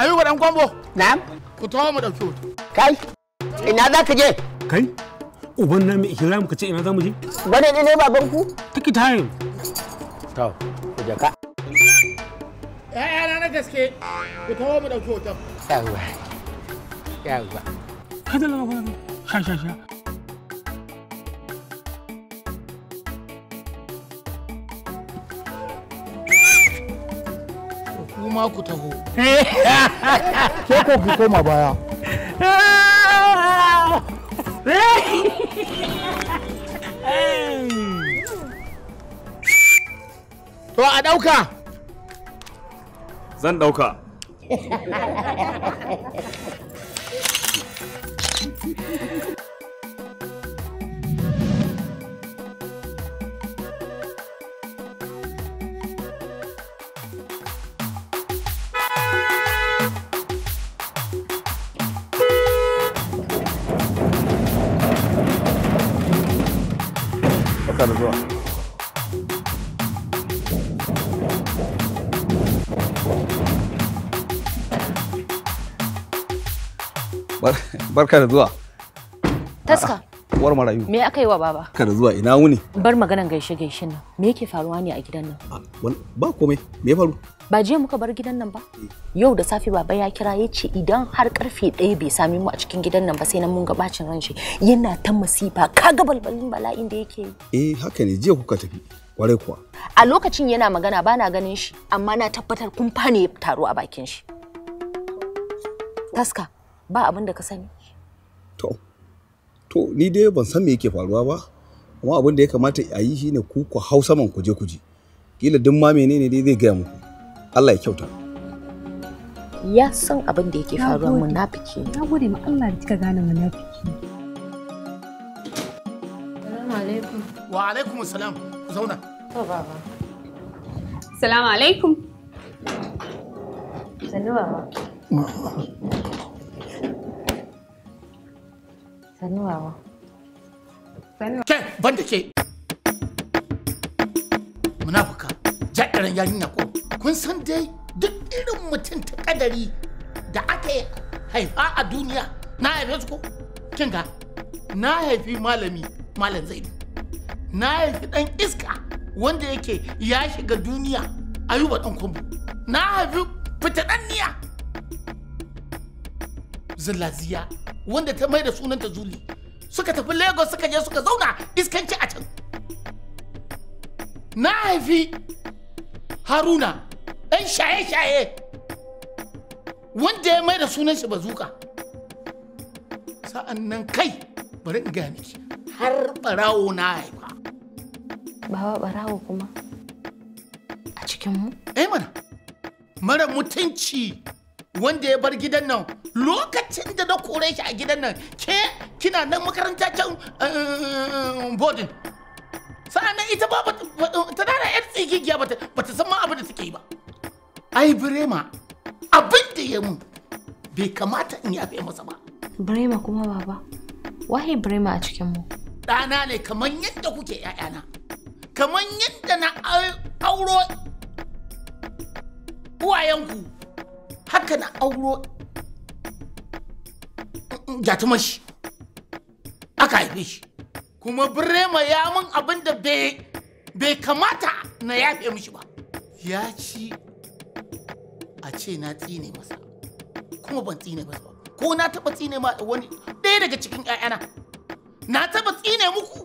Ayuba dan kwambo. Na'am. Ku tawo mu dauki hoto. Kai. Ina za ka je? Kai. Uban na mai ikiramu ka ce ina za mu je? Bane ne ne baban ku? Tiki time. To, ku je ka. Eh eh na gaske ku tawo mu dauki hoton. Yawa. Yawa. Kada lama kwana. Sha sha sha. kuma ku taho ke ko ku koma baya to a ɗauka zan ɗauka barka da zuwa taska uwar marayu me aka yi wa baba Ka da zuwa ina wuni bar maganan gaishe gaishen nan me yake faruwa ne a gidan nan ba komai me ya faru ba je muka bar gidan nan ba eh. yau da safe baba ya kira ya ce idan har karfe ɗaya bai sami mu a cikin gidan nan ba sai nan mun ga bacin ran shi yana ta masifa ka ga balbalin bala'in da yake yi eh haka ne jiya kuka tafi kwarai kuwa a lokacin yana magana bana ganin shi amma na tabbatar kun fane taro a bakin shi taska ba abin da ka sani to to ni dai ban san me yake faruwa ba amma abin da ya kamata a yi shine ku ku hau saman ku je ku ji kila duk ma menene dai zai gaya muku Allah ya kyauta ya san abin da yake faruwa munafiki ne na gode ma Allah da kika gane munafiki Assalamu alaikum wa alaikum assalam ku zauna to baba Assalamu alaikum sanuwa ba sannu bawa kai banda ke munafuka jaɗaran yarinya ko kun san dai duk irin mutum ta kadari da aka haifa a duniya na haife su ko kinga na haifi malami malam zaidi na haifi dan iska wanda yake ya shiga duniya ayuba dan na haifi fitaɗanniya zulaziya wanda ta mai da sunanta zuli suka tafi lagos suka je suka zauna iskanci a can na haifi haruna ɗan shaye-shaye wanda ya mai da sunan shi bazuka sa'an nan kai bari in gaya miki har barawo na haifa bawa barawo kuma a cikin mu eh mana mara mutunci wanda ya bar gidan nan lokacin da na kore shi a gidan nan ke kina nan makaranta can eh, bodin sa'an nan ita ba ta dara yar tsigigiya ba ta san ma abin da take yi ba ai brema abin da ya mu bai kamata in yafe masa ba brema kuma baba wahi brema a cikin mu ɗana ne kamar yadda kuke ‘ya'yana kamar yadda na auro uwayenku haka na auro jatumashi aka haife shi kuma birema ya mun abin da bai kamata na yafe mishi ba ya ci a ce na tsine masa kuma ban tsine masa ba ko na taba tsine ma wani ɗaya daga cikin 'ya'yana na taba tsine muku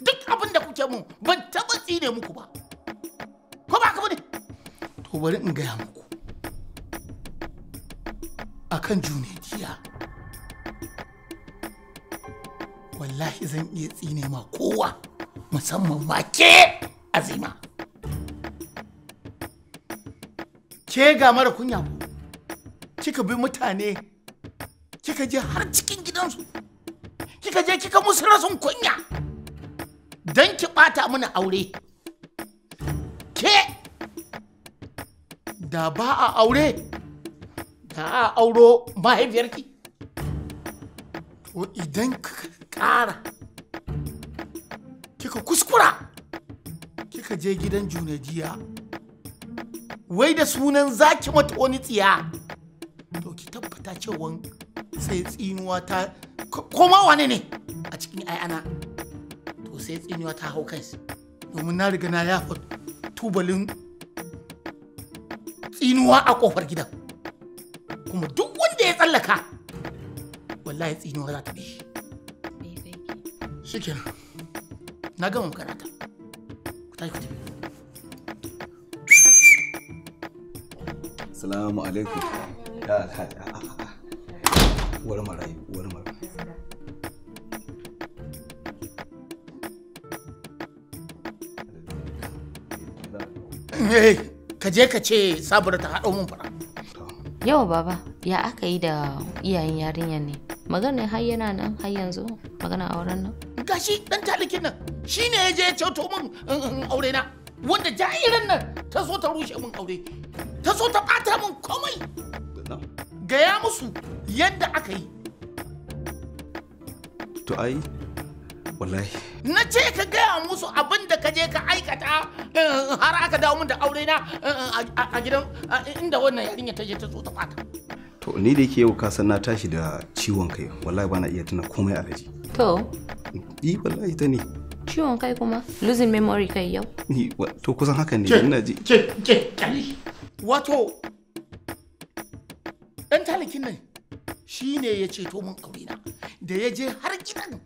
duk abin da kuke mun ban taba tsine muku ba ko ba ka bane to bari in gaya muku a kan jiya wallahi zan iya tsine ma kowa musamman ma ke azima ke ga mara kunya kika bi mutane kika je har cikin gidansu kika je kika musu rasun kunya don ki bata mana aure ke da ba a aure a auro mahaifiyarki to idan ka ƙara kika kuskura kika je gidan junajiya wai da sunan zaki mata wani tsiya to ki tabbata cewa sai tsinuwa ta koma wane ne a cikin ayana to sai tsinuwa ta hau kansu domin na riga na yafa tubalin tsinuwa a kofar gidan kuma duk wanda ya tsallaka wallahi tsinuwa za ta bi shi shikenan na gama karata ku tafi ku tafi salamu alaikum ya alhaji uwar marayu uwar marayu ka je ka ce sabura ta haɗo mun fara Yawa baba, ya aka yi da iyayen yarinyar ne? maganin har yana nan har yanzu magana auren nan? Gashi dan talikin nan shi ne ya je ya ceto min um, um, aure na. Wanda jairin nan ta so ta rushe min aure. Ta so ta bata min komai. Gaya musu yadda aka yi. To ai wallahi. Na ce ka gaya musu abin da ka je ka aikata um, har aka dawo min da aure na a gidan inda wannan yarinya ta je ta so kwata to ni da yake yau ka san na tashi da ciwon kai wallahi bana iya tuna komai alaji to i wallahi ta ne ciwon kai kuma losing memory kai yau to kusan haka ne ina ji ke ke wato dan talikin nan shine ne ya ceto min aurena da ya je har gidan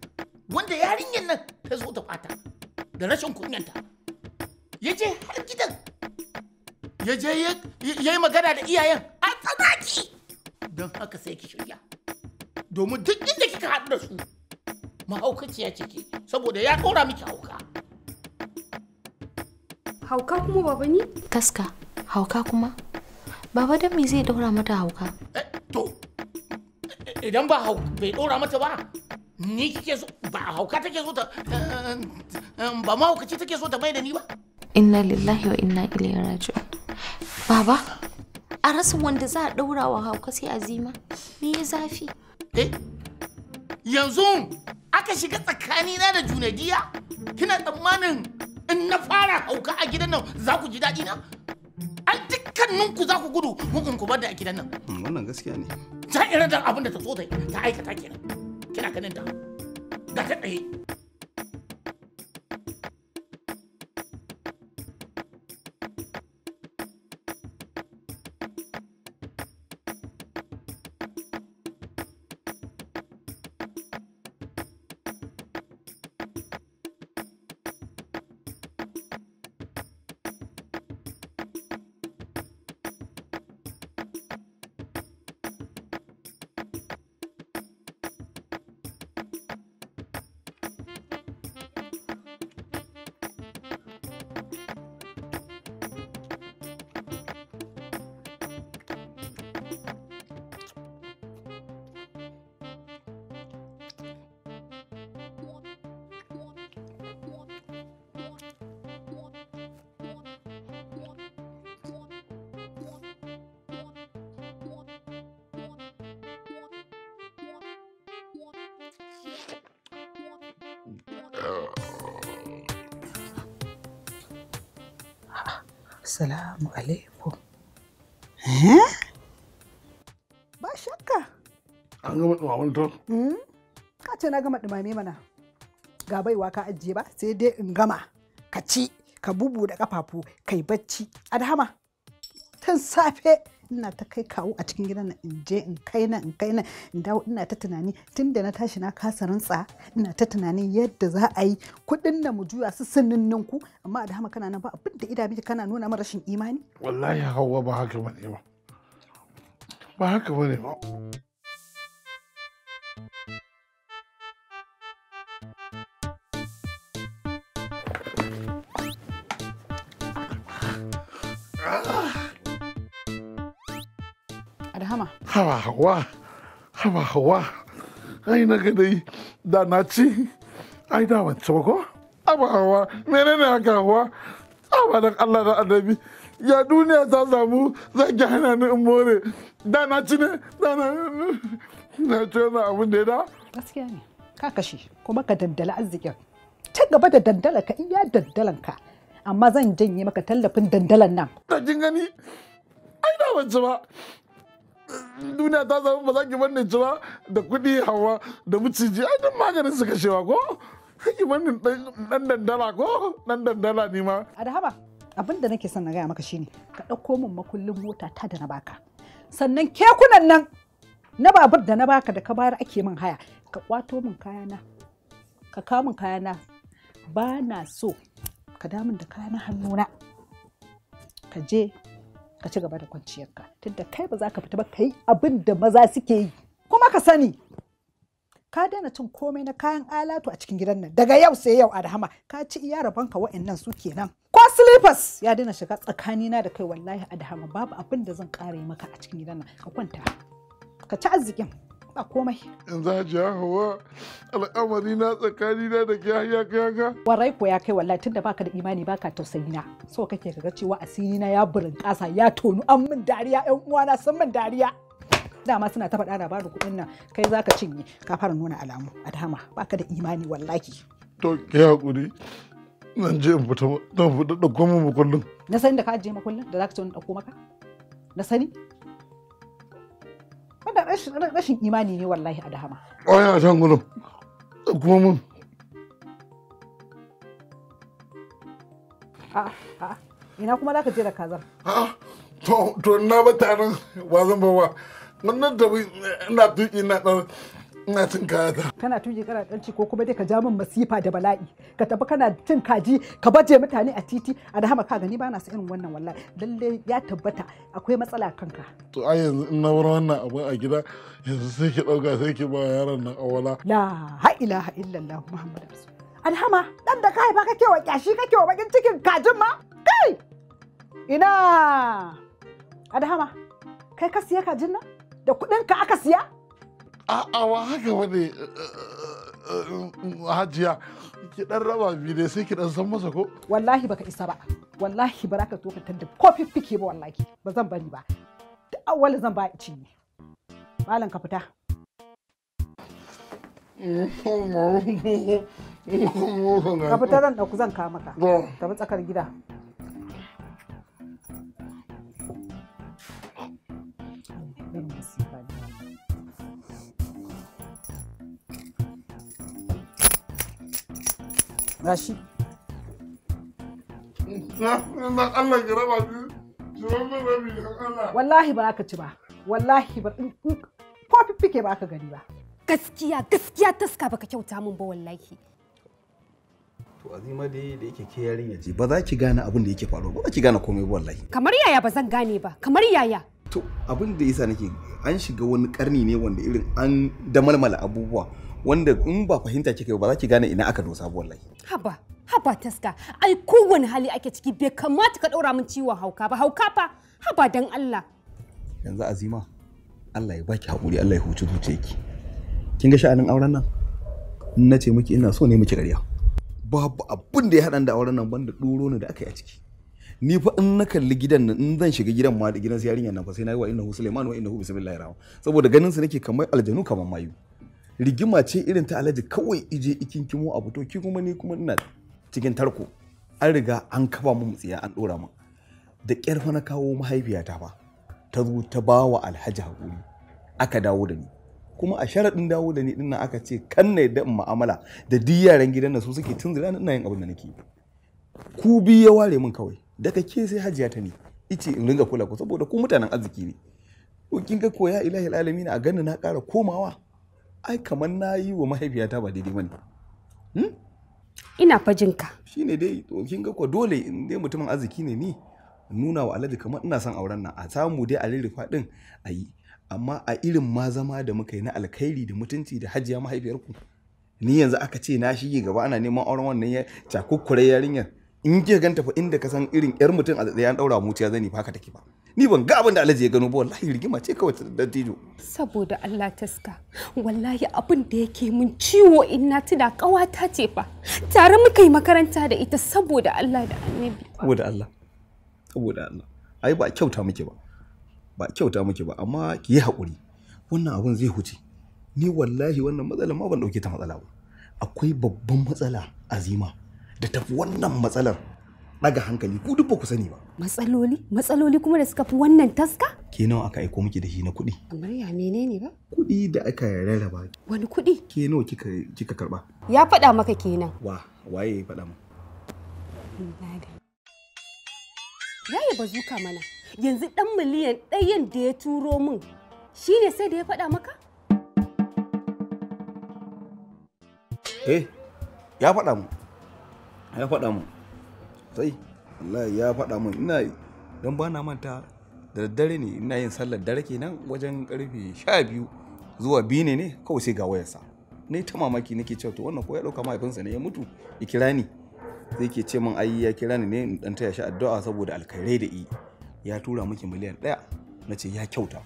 wanda yarinyar nan ta zo ta fata da rashin kunyanta ya je har gidan ya je ya yi magana da iyayen a tsanaki don haka sai ki shirya domin duk inda kika haɗu da su mahaukaciya ce ke saboda ya ɗora miki hauka hauka kuma baba ni kaska hauka kuma baba don me zai ɗora mata hauka eh, to idan ba bai ɗora mata ba ni kike so ba hauka take so ta eh, eh, ba mahaukaci take so ta bai da ni ba inna lillahi wa inna ilaihi raji'un Baba, a rasa wanda za a ɗaura wa hauka sai azima. Me ya zafi? Eh, yanzu aka shiga tsakanina da junadiya? Kina tsammanin in na fara hauka a gidan nan za ku ji daɗi na? Ai ku za ku gudu hukun ku bar da a gidan nan. Hmm, wannan gaskiya ne. Ta irin da abin da ta so ta aikata kenan. Kina ganin ta. Ga ta tsaye. Salamu alaikum. Eh? Ba shakka. An gama ɗumamen ton? Hmm? Ka ce na gama ɗumame mana. Ga baiwa ka ajiye ba sai dai in gama. Ka ci, ka bubu da ƙafafu, kai bacci. Adhama, tun safe ina ta kai kawo a cikin gidan in je in kai na in kai na in dawo ina ta tunani tun da na tashi na kasa rantsa ina ta tunanin yadda za a yi kuɗin da mu juya su sunnin ku amma da hama kana nan ba abin da ida miki kana nuna mara rashin imani wallahi hawa ba haka bane ba ba haka bane ba hawa hawa hawa hawa ai na ga dai da na ci ai da wance ba ko hawa hawa menene haka hawa hawa dan Allah da annabi ya duniya ta samu zaki hana ni in more da na ci ne da na na ci wani abin da ya da gaskiya ne ka kashe kuma ka daddala arzikin ta gaba da dandala ka iya dandalan ka amma zan janye maka tallafin dandalan nan da kin gani ai da wance ba duniya ta zama ba za ki bannin ci da kuɗi hawa da miciji ai duk maganin su kashewa ko ki bannin dan dandala ko dan dandala ni ma a adahaba abin da nake son na gaya maka shine ka ɗauko min makullin mota ta da na baka sannan kekunan nan na babur da na baka da ka bayar ake min haya ka kwato min kayana ka kawo min kayana ba na so ka damun da na hannuna ka je ka ci gaba da kwanciyarka tunda kai ba za ka fita ba ka yi abin da maza suke yi kuma ka sani ka daina cin komai na kayan alatu a cikin gidan nan daga yau sai yau arhama ka ci iya ka wa'annan su kenan ko slippers ya daina shiga tsakanina da kai wallahi Dahama babu abin da zan kare maka a cikin gidan nan ka kwanta ka ci arzikin A komai In yanzu ji hawa al'amari na tsakani na da ke ya kai ga. warai ko ya kai wallahi tunda baka da imani baka tausayi na so kake kaga cewa asiri na ya burin ya tonu an min dariya Ƴan uwana sun min dariya dama suna ta faɗa labarin kuɗin nan kai zaka cinye ka fara nuna alamu a dama baka da imani wallahi to ke hakuri nan je in fita dan fita makullin na sani da ka ajiye makullin da za ka ce wani ɗauko maka na sani rashin imani ne wallahi a dahama Oya a gudun kuma mun ina kuma za ka je da kazar to na ba taron wa zan ba wa wannan da eh, ina tuki na ɗan ina cin kaya kana tuki kana danci ko kuma dai ka ja min masifa da bala'i ka tafi kana cin kaji ka baje mutane a titi a rahama ka gani bana su irin wannan wallahi lalle ya tabbata akwai matsala kanka to ai yanzu in na wurin wannan abu a gida yanzu sai ki dauka sai ki ba yaron nan awala la ha ilaha illallah muhammadu rasul alhama dan da ka haifa kake wa kyashi kake wa bakin cikin kajin ma kai ina adhama kai ka siya kajin nan da kuɗinka aka siya wa haka wani hajiya ki dan raba biyu ne sai ki dan san masa ko wallahi baka isa ba wallahi ba ka to ka tadda ko fiffike ba wallahi ba zan bari ba da awwal zan ba ci ne malam ka fita ka fita zan dauku zan kawo maka tafi tsakar gida gashi wallahi ba ka ci ba wallahi ba ko fiffike ba ka gani ba gaskiya gaskiya taska baka kyauta min ba wallahi to azima dai da yake ke yarinya ce ba za ki gane abin da yake faruwa ba za ki gane komai ba wallahi kamar yaya ba zan gane ba kamar yaya to abin da yasa nake an shiga wani karni ne wanda irin an damalmala abubuwa wanda in ba fahimta kike ba za ki gane ina aka dosa wallahi haba haba taska ai kowane hali ake ciki bai kamata ka daura min ciwon hauka ba hauka fa haba dan Allah yanzu azima Allah ya baki hakuri Allah ya huce zuciyarki kin ga sha'anin auren nan in na ce miki ina so ne miki ƙarya babu abun da ya haɗa da auren nan banda ɗoro ne da aka yi a ciki ni fa in na kalli gidan nan in zan shiga gidan ma da gidan yarinyar nan fa sai na yi wa hu Sulaiman wa hu bismillahir rahman saboda ganin su nake kamar aljanu kamar mayu rigima ce irin ta alhaji kawai ije ikin kimo abu fito ki kuma ni kuma ina cikin tarko an riga an kafa mu tsiya an dora mu da ƙyar fa na kawo mahaifiyata fa ta zo ta ba wa alhaji hakuri aka dawo da ni kuma a sharaɗin dawo da ni ɗin nan aka ce kan na yadda in mu'amala da duk yaran gidan nan su suke zira ina yin abin da nake ku bi ya ware min kawai daga ke sai hajiya ta ne ice in ringa kula ku saboda ku mutanen arziki ne to kin ga koya ilahi alamin a ganin na kara komawa ai kamar na yi wa mahaifiyata ba daidai bane ne. Hmm? ina fajinka ne dai to kin ga kwa dole in dai mutumin arziki ne ni nuna wa alhaji kamar ina son auren nan a samu dai a rirrifa din a yi amma a irin ma zama da muka yi na alkhairi da mutunci da hajiya mahaifiyarku ni yanzu aka ce na shige gaba ana neman auren wannan ya cakukkure yarinyar in ke ganta fa inda ka san irin yar mutum a tsaye an daura muciya zani fa ka take ba ni ban ga abin da Alhaji ya gano ba wallahi rigima ce kawai ta dattijo saboda Allah taska wallahi abin da yake mun ciwo in na tuna kawata ce fa tare muka yi makaranta da ita saboda Allah da Annabi saboda Allah saboda Allah ai ba kyauta muke ba ba kyauta muke ba amma ki yi hakuri wannan abun zai huce ni wallahi wannan matsalar ma ban dauke ta matsala ba akwai babban matsala azima da tafi wannan matsalar ɗaga hankali ku duk ba ku sani ba. Matsaloli? Matsaloli kuma da suka fi wannan taska? Ke nawa aka aiko miki da shi na kuɗi? Amma ya menene ba? Kuɗi da aka rarraba. Wani kuɗi? Ke nawa kika kika karba? Ya faɗa maka kenan. Wa waye ya faɗa maka? Yaya bazuka mana yanzu ɗan miliyan ɗayan da ya turo min shi ne sai da ya faɗa maka? Eh, ya faɗa mu. ya faɗa mun sai wallahi ya faɗa mun ina don ba na manta da daddare ne ina yin sallar dare kenan wajen karfe sha biyu zuwa biyu ne ne kawai sai ga wayarsa yi ta mamaki nake cewa to wannan ko ya ɗauka mahaifinsa ne ya mutu ya kira ni sai ke ce min ai ya kira ni ne in dan taya shi addu'a saboda alkhairai da i ya tura miki miliyan ɗaya na ce ya kyauta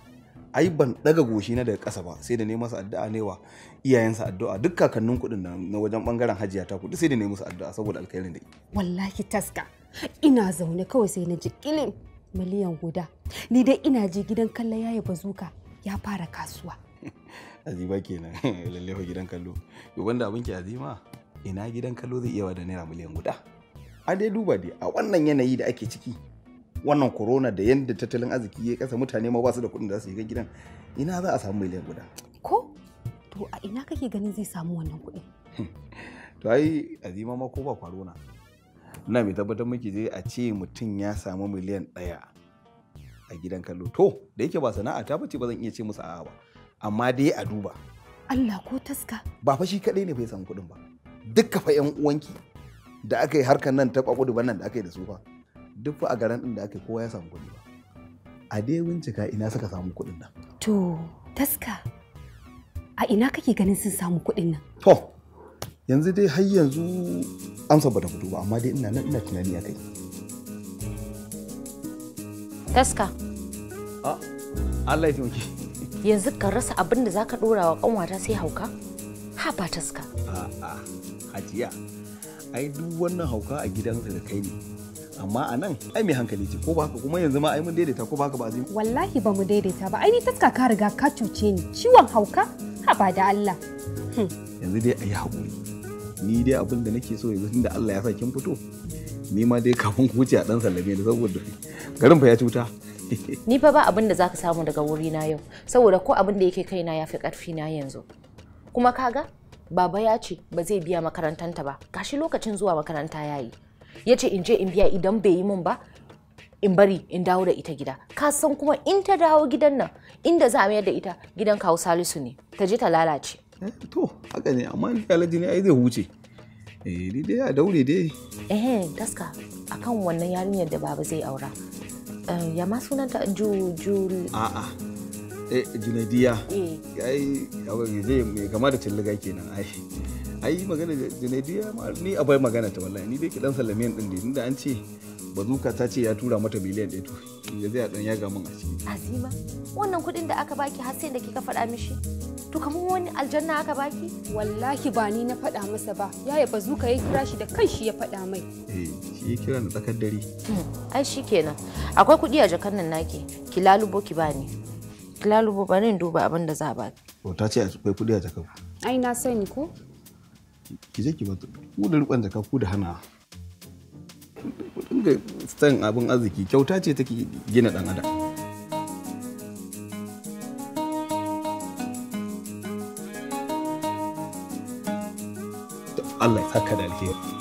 ai ban daga goshi na daga ƙasa ba sai da ne masa addu'a ne wa iyayensa addu'a duk kakannin kuɗin na wajen bangaren hajiya ta kuɗi sai da ne musu addu'a saboda alkhairin da wallahi taska ina zaune kawai sai na ji kilin miliyan guda ni dai ina je gidan kallon yayi bazuka ya fara kasuwa azima kenan lalle fa gidan kallo yo banda abin ki azima ina gidan kallo zai iya da naira miliyan guda a dai duba dai a wannan yanayi da ake ciki wannan corona da yadda tattalin arziki ya kasa mutane ma ba su da kuɗin da su yi gidan ina za a samu miliyan guda ko to a ina kake ganin zai samu wannan kuɗin to ai azima ma ko ba corona na mai tabbatar miki je a ce mutum ya samu miliyan ɗaya a gidan kallo to da yake ba sana'a ta bace ba zan iya ce musu a'a ba amma dai a duba Allah ko taska ba fa shi kadai ne bai samu kuɗin ba dukka fa yan uwanki da aka yi harkar nan ta kwakudu nan da aka yi da su fa duk fa a garin din da ake kowa ya samu kuɗi ba a dai bincika ina suka samu kuɗin nan to taska a ina kake ganin sun samu kuɗin nan to yanzu dai har yanzu amsa bata fito ba amma dai ina nan ina tunani akai taska a Allah ya taimake yanzu ka rasa abin da zaka dora wa kanwata sai hauka ha ba taska a a hajiya ai duk wannan hauka a gidansa da kai ne amma a nan ai mai hankali ce ko ba haka kuma yanzu ma ai mun daidaita ko ba haka ba zai wallahi ba mu daidaita ba ai ni taska ka riga ka cuce ni ciwon hauka haba da Allah hmm. yanzu dai ai hakuri ni dai abin da nake so yanzu tunda Allah ya sa kin fito ni ma dai kafin ku wuce a dan sallame da saboda garin fa ya cuta ni fa ba abin da zaka samu daga wuri na yau saboda ko abin da yake kaina ya fi karfi na yanzu kuma kaga baba ya ce ba zai biya makarantanta ba gashi lokacin zuwa makaranta yayi ya ce in je in biya idan bai yi mun ba in bari in dawo da ita gida ka san kuma in ta dawo gidan nan inda za a mayar da ita gidan kawo salisu ne ta je ta lalace eh, to haka ne amma in alhaji ne ai zai huce eh ni dai a daure dai eh daska akan wannan yarinyar da baba zai aura eh, ya ma sunanta ju ju a'a eh junadiya eh ai zai kama da tilliga kenan ai ai magana Junaidu ya ma ni abai magana ta wallahi ni dai ki dan sallame din din da an ce bazuka ta ce ya tura mata miliyan ɗaya to ya zai dan yaga min a ciki Azima wannan kuɗin da aka baki har sai da kika faɗa mishi to kamar wani aljanna aka baki wallahi ba ni na faɗa masa ba yaya bazuka ya kira shi da kanshi ya faɗa mai eh shi ya kira na tsakar dare hmm, ai shikenan akwai kuɗi a jakan nan naki ki lalubo ki bani ki lalubo bani in duba abin da za a baki to ta ce akwai kuɗi a jakan ai na sani ko ki ki je ki bata ku da rikon jaka ku da hana dinga san abin arziki kyauta ce take gina dan adam Allah ya saka da alheri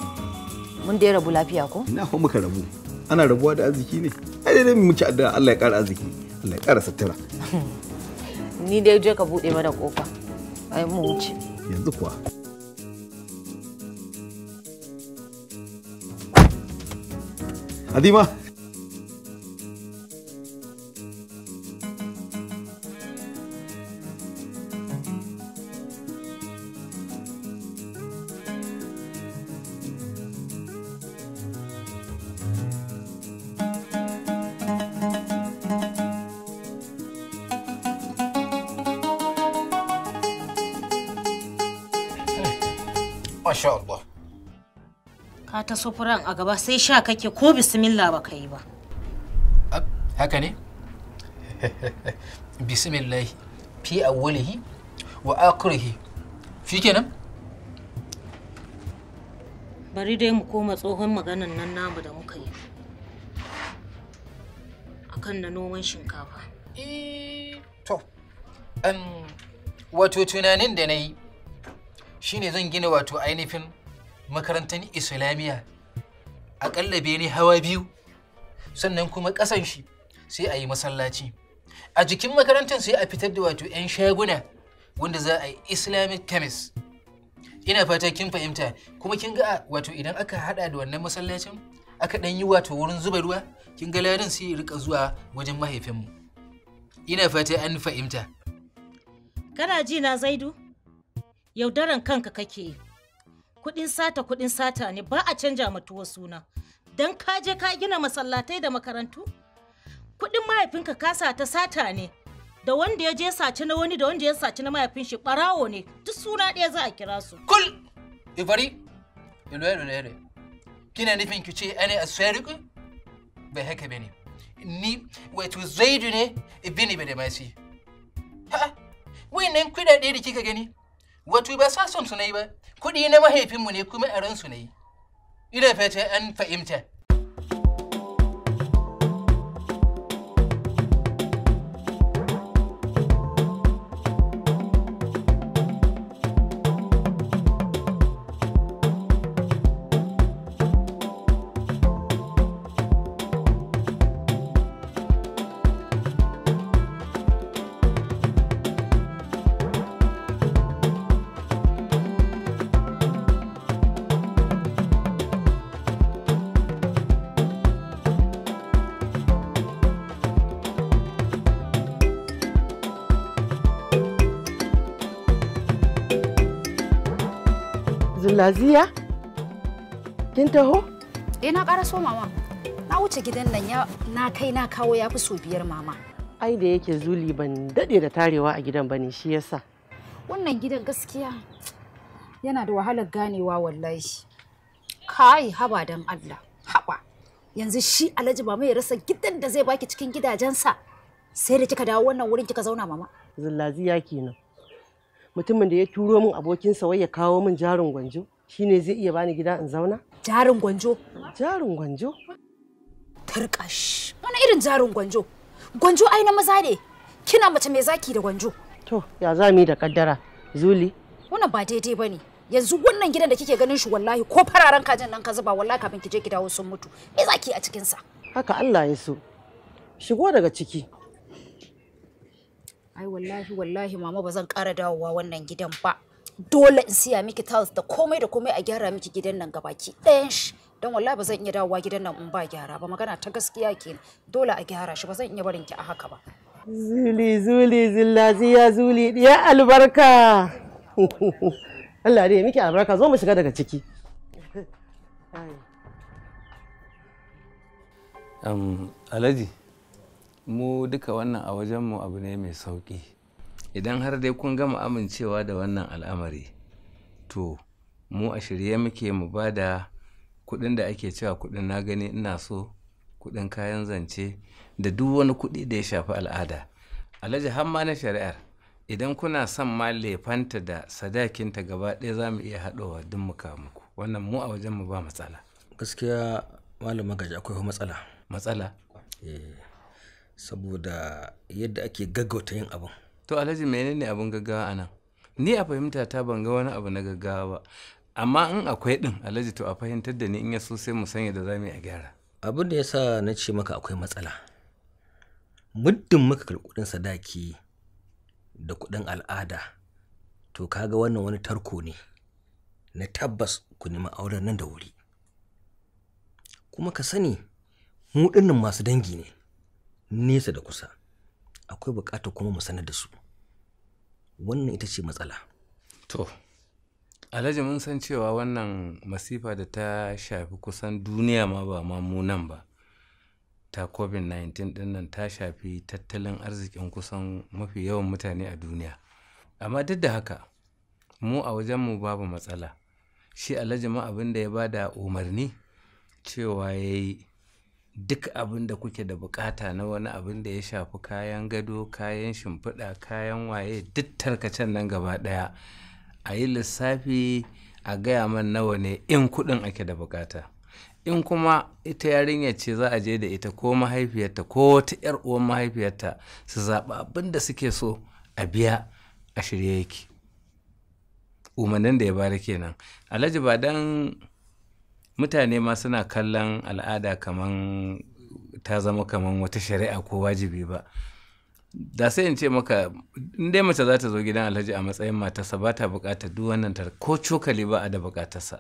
mun dai rabu lafiya ko ina ko muka rabu ana rabuwa da arziki ne ai dai ci addu'a Allah ya kara arziki Allah ya kara satura. ni dai je ka buɗe mana kofa ai mu wuce yanzu kuwa قديمة ما شاء الله ka ta sufuran a gaba sai sha kake ko bismillah ba ka yi ba haka ne bismillah fi awwalihi wa akhirihi shi kenan bari dai mu koma tsohon maganan nan namu da muka yi akan na noman shinkafa e, to wato tunanin da na yi shine zan gina wato ainihin makarantar islamiyya aƙalla bene hawa biyu sannan kuma ƙasan shi sai a yi masallaci a jikin makarantar sai a fitar da wato 'yan shaguna wanda za a yi islamic chemist ina fata kin fahimta kuma kin ga wato idan aka hada da wannan masallacin aka dan yi wato wurin zuba ruwa kin ga ladan sai rika zuwa wajen mahaifinmu ina fata an fahimta kana ji na zaidu yaudaran kanka kake yi kuɗin sata kuɗin sata ne ba a canja ma tuwo suna don ka je ka gina masallatai da makarantu kuɗin mahaifinka ka sata sata ne da wanda ya je saci na wani da wanda ya saci na mahaifin shi ɓarawo ne duk suna ɗaya za a kira su kul ibari iloyero lere kina nufin ki ce a asfariku bai haka bane ni wato zaidu ne ibini bai da masi ha Wai nan kuɗaɗe da kika gani wato ba sa son su na yi ba kuɗi na mahaifinmu ne kuma a ransu ne ina fata an fahimta naziya kin taho eh na ƙara so mama na wuce gidan nan ya na kai na kawo ya so biyar mama ai da yake zuli ban daɗe da tarewa a gidan bane shi yasa wannan gidan gaskiya yana da wahalar ganewa wallahi kai haba dan Allah haba yanzu shi alhaji mama ya rasa gidan da zai baki cikin gidajensa sai da kika dawo wannan wurin kika zauna mama kenan mutumin da ya turo min abokinsa wai ya kawo min jarin gwanjo Shi ne zai iya bani gida in zauna? Jarin gwanjo. Jarin gwanjo? Tarkash. Wani irin jarin gwanjo? Gwanjo ai na maza ne. Kina mace mai zaki da gwanjo. To, ya za mu da kaddara? Zuli. Wannan ba daidai bane. Yanzu wannan gidan da kike ganin shi wallahi ko fararen kajin nan ka zuba wallahi kafin ki je ki dawo sun mutu. Me zaki a cikin sa? Haka Allah ya so. Shigo daga ciki. Ai wallahi wallahi mama ba zan ƙara dawowa wannan gidan ba. dole in siya miki tiles da komai da komai a gyara miki gidan nan gabaki ɗayan shi don wallahi ba zan iya dawowa gidan nan in ba gyara ba magana ta gaskiya ke dole a gyara shi ba zan iya barin ki a haka ba zuli zuli ziya zuli ya albarka Allah dai miki albarka zo mu shiga daga ciki um, alhaji mu duka wannan a mu abu ne mai sauƙi idan har dai kun gama amincewa da wannan al'amari to mu a shirye muke mu ba da kuɗin da ake cewa kuɗin na gani ina so kuɗin kayan zance da duk wani kuɗi da ya shafi al'ada alhaji hamma na shari'ar idan kuna son ma lefanta da sadakinta gaba ɗaya za mu iya haɗowa duk mu muku wannan mu a wajen mu ba matsala gaskiya malam magaji akwai matsala matsala eh, saboda yadda ake gaggauta yin abin To Alhaji ne abin gaggawa a nan? Ni a fahimta ta ban ga wani abu na gaggawa ba. Amma in akwai ɗin Alhaji to a fahimtar da ni in ya so sai mu sanya da za mu yi a gyara. Abin da ya sa na ce maka akwai matsala. Muddin muka karɓi kuɗin sadaki da kuɗin al'ada to kaga wannan wani tarko ne na tabbas ku nemi auren nan da wuri. Kuma ka sani mu ɗinnan masu dangi ne nesa da kusa. akwai buƙatar kuma mu sanar da su wannan ita ce matsala to alhaji mun san cewa wannan masifa da ta shafi kusan duniya ma ba ma mu nan ba ta covid-19 dinnan ta shafi tattalin arzikin kusan mafi yawan mutane a duniya amma duk da haka mu a wajenmu babu matsala shi alhaji ma abin da ya ba da umarni cewa ya yi duk abin da kuke da bukata na wani abin da ya shafi kayan gado kayan shimfiɗa kayan waye duk tarkacen nan gaba ɗaya a yi lissafi a gaya man nawa ne in kuɗin ake da bukata in kuma ita yarinyar ce za a je da ita ko mahaifiyarta ko wata yar uwan mahaifiyarta su zaɓi abin da suke so a biya a shirye yake umarnin da ya bada kenan alhaji ba dan mutane ma suna kallon al'ada kaman ta zama kaman wata shari'a ko wajibi ba da sai in ce maka in dai mace za ta zo gidan alhaji a matsayin matarsa ba ta bukatar duk wannan tar ko cokali ba a da bukatarsa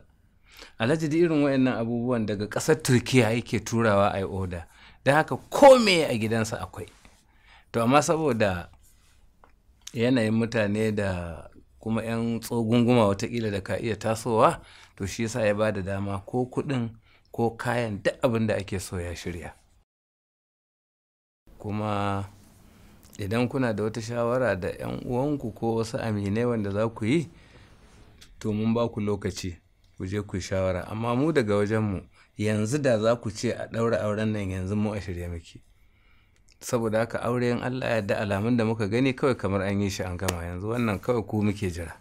alhaji da irin wayannan abubuwan daga ƙasar turkiya yake turawa a oda don haka kome a gidansa akwai to amma saboda yanayin mutane da kuma 'yan tsogunguma watakila da ka iya tasowa to shi yasa ya da dama ko kuɗin ko kayan duk abin da ake so ya shirya kuma idan kuna da wata shawara da 'yan uwanku ko wasu aminai wanda za ku yi to mun ba ku lokaci ku je ku shawara amma mu daga wajenmu yanzu da za ku ce a ɗaura auren nan yanzu mu a shirya muke saboda haka in allah ya da alamun da muka gani kawai kamar an yi shi an gama yanzu wannan kawai ku muke jira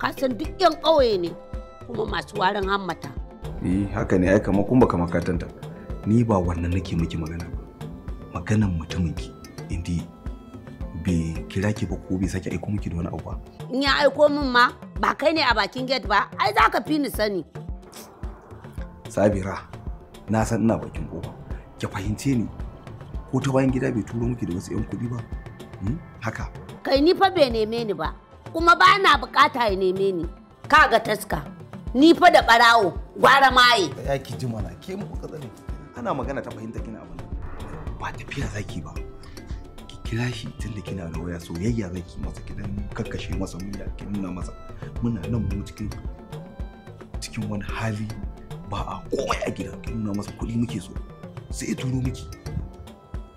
kasan duk yan ƙauye ne kuma masu warin hammata eh haka ne ai kamar kun baka makatanta ni ba wannan nake miki magana ba maganan mutumin ki indi bai kira ki ba ko bai sake aiko miki da wani abu ba in ya aiko min ma ba kai ne a bakin gate ba ai za ka fi ni sani sabira na san ina bakin kofa ki fahimce ni ko ta bayan gida bai turo miki da wasu yan kuɗi ba hmm, haka kai ni fa bai neme ni ba kuma ba na bukata ya neme ni ka ga taska ni fa da barawo gwara maye ya ki ji mana ke mu kuka zane ana magana ta fahimta kina abin ba tafiya zaki ba ki kira shi tunda kina da waya soyayya zaki masa kidan kakkashe masa murya ki nuna masa muna nan mu cikin cikin wani hali ba a komai a gidan ki nuna masa kuɗi muke so sai turo miki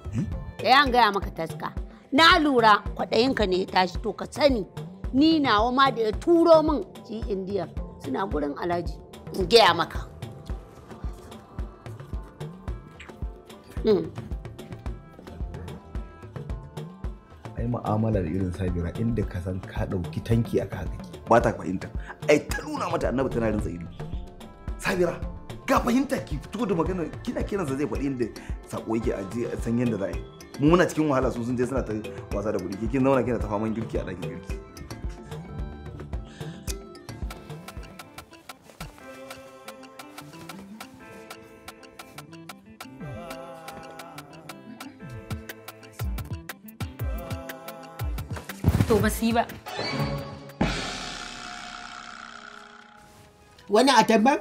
Ya hmm? yan gaya maka taska na lura kwaɗayinka ne ya tashi to ka sani ni nawa ma da ya turo min ji indiya suna gurin alhaji in gaya maka hmm. ai mu'amalar irin sabira inda ka san ka ɗauki tanki a kaga ba ta fahimta ai ta nuna mata annabi tana rinsa ido sabira ga fahimta ki fito da magana kina kiransa zai faɗi inda sako yake a san yanda za a yi mu muna cikin wahala su sun je suna ta wasa da kuɗi kin zauna kina ta faman girki a ɗakin girki masiba wani atamban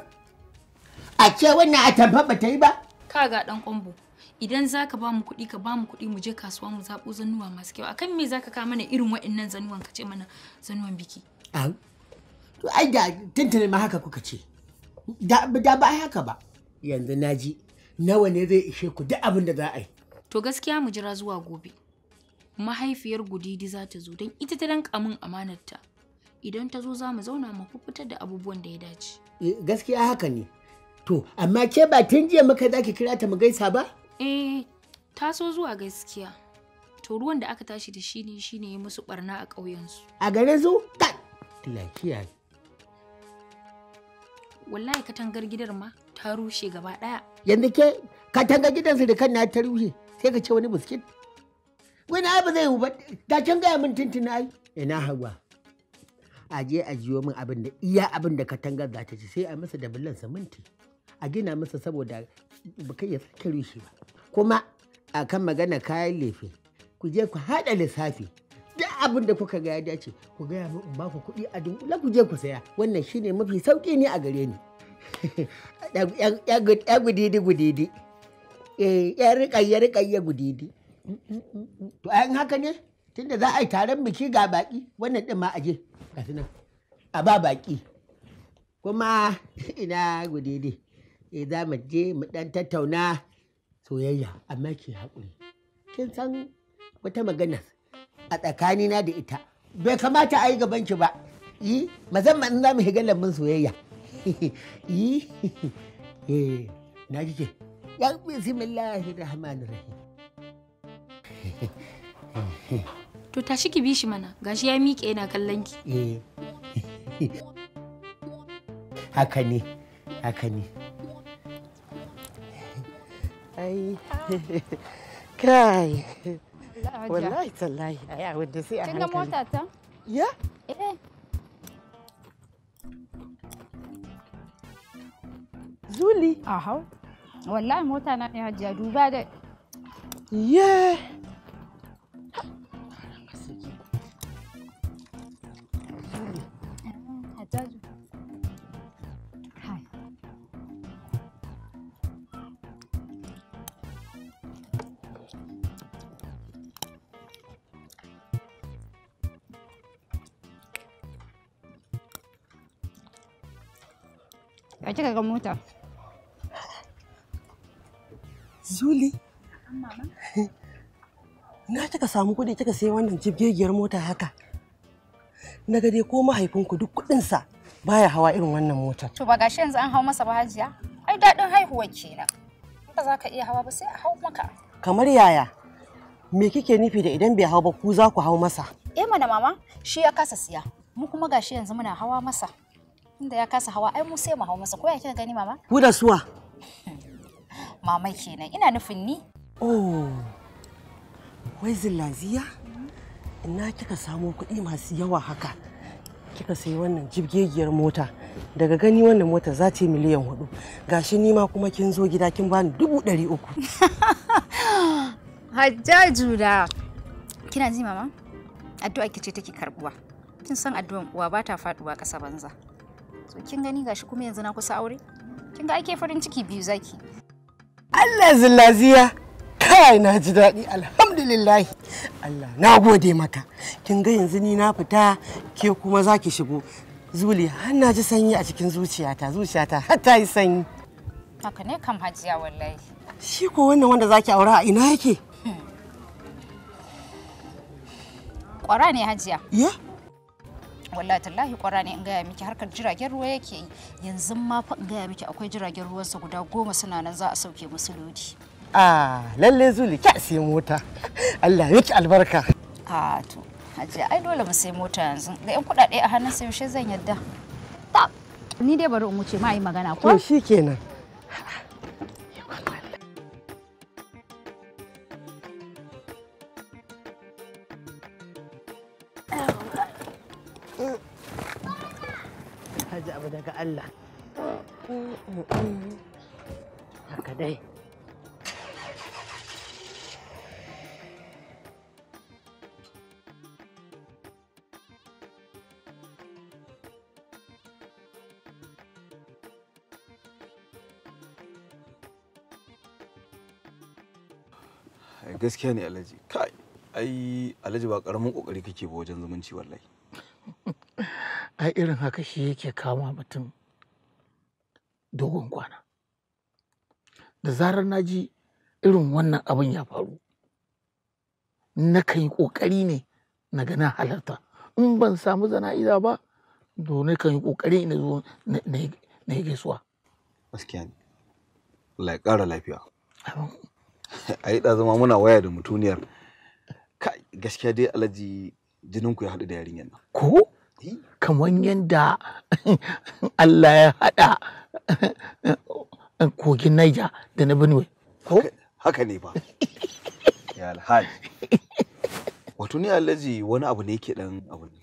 a ce wannan atamban ba ta yi ba ka ga dan kombo idan za ka ba mu kuɗi ka ba mu kuɗi mu je kasuwa mu zaɓo zannuwa masu kyau akan me za ka kawo mana irin waɗannan zannuwan ka ce mana zannuwan biki Ah. to ai da tuntuni ma haka kuka ce da ba haka ba yanzu na ji nawa ne zai ishe ku duk abin da za a yi to gaskiya mu jira zuwa gobe mahaifiyar gudidi za ta zo don ita ta danka min amanarta idan ta zo za mu zauna mu fitar da abubuwan da ya dace eh, gaskiya haka ne to amma ke ba tun jiya muka za ki kira ta mu gaisa ba eh ta so zuwa gaskiya to ruwan da aka tashi da shi ne shi ne ya musu barna a ƙauyensu a gare zo lafiya wallahi katangar gidan ma ta rushe gaba daya yanzu ke katangar gidan su da kan na ta rushe sai ka ce wani biskit wani abu ba zai ba da can gaya min tintin ai ina hawa a je a jiyo min abin da iya abin da katangar za ta ci sai a masa da bullan siminti a gina masa saboda ba kai ya sake rushe kuma a kan magana kayan lefe ku je ku haɗa lissafi duk abin da kuka ga ya dace ku gaya min ba ku kuɗi a dunkula ku je ku saya wannan shine mafi sauki ne a gare ni ya gudidi gudidi eh, ya riƙa ya rika ya gudidi to ayan haka ne tunda za a yi taron biki ga baki wannan din ma aje je? a ba baki kuma ina gudede e eh, za mu je mu dan tattauna soyayya amma ke haƙuri kin san wata magana a tsakanina da ita bai kamata a yi ki ba yi musamman in za mu higa lambun soyayya yi eh, na jike ya bismillahir rahmanir rahim To tashi ki bishi mana, gashi ya miƙe yana kallon ki. Eh. Haka ne, haka ne. Ai, kai. Wallahi tallahi, ai a wanda sai a hankali. Kin ga mota ta? Ya? Eh. Zuli. Aha. Wallahi mota na ne hajiya duba da. Yeah. shiga mota zuli na kika samu kuɗi kika sayi wannan jibgegiyar mota haka na gade ko mahaifinku duk kuɗinsa baya hawa irin wannan motar to ba gashi yanzu an hau masa ba hajiya ai daɗin haihuwar kenan ba za ka iya hawa ba sai a hau maka kamar yaya me kike nufi da idan bai hau ba ku za ku hau masa eh mana mama shi ya kasa siya mu kuma gashi yanzu muna hawa masa inda ya kasa hawa ai mu sai mu hau masa ko ya kika gani mama ku da suwa mama kenan ina nufin ni oh wai zillaziya ina kika samo kuɗi masu yawa haka kika sayi wannan jibgegiyar mota daga gani wannan mota za ta yi miliyan hudu gashi ni ma kuma kin zo gida kin bani dubu ɗari uku hajja kina ji mama addu'a kice take karbuwa kin san addu'an uwa ba ta faduwa ƙasa banza so kin gani gashi kuma yanzu na kusa aure kin ga ake farin ciki biyu zaki Allah zillaziya kai na ji daɗi alhamdulillah Allah na gode maka kin ga yanzu ni na fita ke kuma zaki shigo zuli har na ji sanyi a cikin zuciyata zuciyata har ta yi sanyi haka ne kam hajiya wallahi shi ko wannan wanda zaki aura a ina yake kwara hmm. ne hajiya yeah? wallahi tallahi kwara ne in gaya miki harkar jiragen ruwa yake yi yanzu ma fa in gaya miki akwai jiragen ruwan sa guda goma suna nan za a sauke musu lodi a lalle zuli ki sai mota Allah yake albarka a to hajiya ai dole mu sai mota yanzu ga yan kuɗaɗe a hannun sai shi zan yadda ni dai bari in wuce ma yi magana ko shikenan abu daga Allah haka dai gaskiya ne alhaji kai ai alhaji ba karamin ƙoƙari kake ba wajen zumunci wallahi ai irin haka shi yake kama mutum dogon kwana da zarar na ji irin wannan abin ya faru na kan yi ƙoƙari ne na gana halarta in ban samu zana'iza ba domin kan yi ƙoƙari na zo na yi gaisuwa gaskiya ne ƙara lafiya a yi zama muna waya da mutuniyar gaskiya dai alhaji jininku ya haɗu da yarinyar nan ko kamar yadda Allah ya haɗa kogin Niger da na Benue. Haka ne ba. Ya alhaji. Wato ni alhaji wani abu ne yake ɗan abu ne.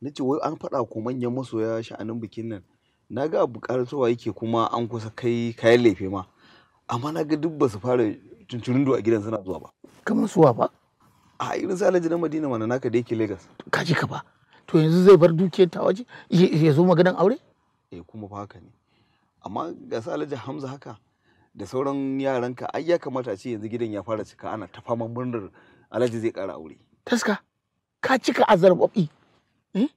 Na ce wai an faɗa ko manyan masoya sha'anin bikin nan. Na ga abu ƙaratowa yake kuma an kusa kai kayan lefe ma. Amma na ga duk ba su fara tuntunin a gidan suna zuwa ba. Kamar suwa ba. A irin sa alhaji na Madina mana naka da yake Lagos. Kaji ka ba. to yanzu zai bar dukiyar ta waje ya zo maganan aure eh kuma fa haka ne amma ga su alhaji hamza haka da sauran yaranka ai ya kamata a ce yanzu gidan ya fara cika ana ta faman murnar alhaji zai kara aure taska ka cika azarbabi eh?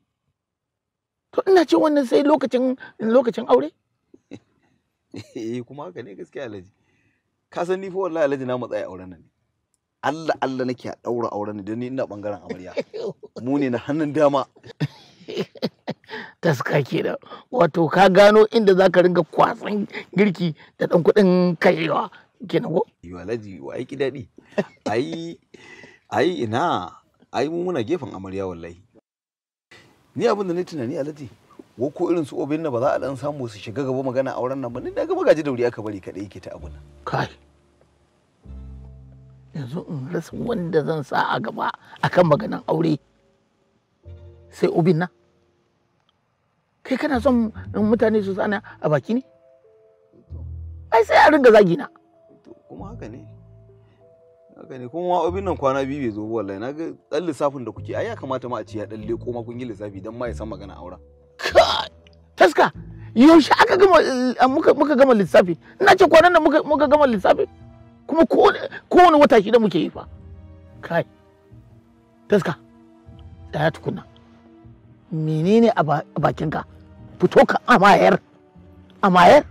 to ina ce wannan sai lokacin lokacin aure eh kuma haka ne gaskiya alhaji ka san ni fa wallahi alhaji na matsayi auren nan Allah Allah nake a ɗaura auren da ni ina bangaren amarya mu ne na hannun dama taska kenan wato ka gano inda za ka ringa kwatsan girki da ɗan kuɗin kaiwa kenan ko yiwa laji wa aiki daɗi ai ai ina ai mu muna gefen amarya wallahi ni abin da ni tunani laji wa ko irin su obin na ba za a dan samu su shiga gaba magana auren nan ba ni daga magaji da wuri aka bari kaɗai yake ta abuna kai yanzu in rasa wanda zan sa a gaba a kan maganan aure sai ubin na kai kana son mutane su sana a baki ne ai sai a ringa zagi na kuma haka ne haka ne kuma obin nan kwana biyu bai zo wallahi na ga dan lissafin da kuke ai ya kamata ma a ce ya dan leko ma kun yi lissafi dan ma ya san magana aura taska yaushe aka gama eh, muka gama lissafi ina ce kwanan da muka gama lissafi kuma kowane wata da muke yi fa kai taska tsaya tukuna menene a bakinka fito ka amayar amayar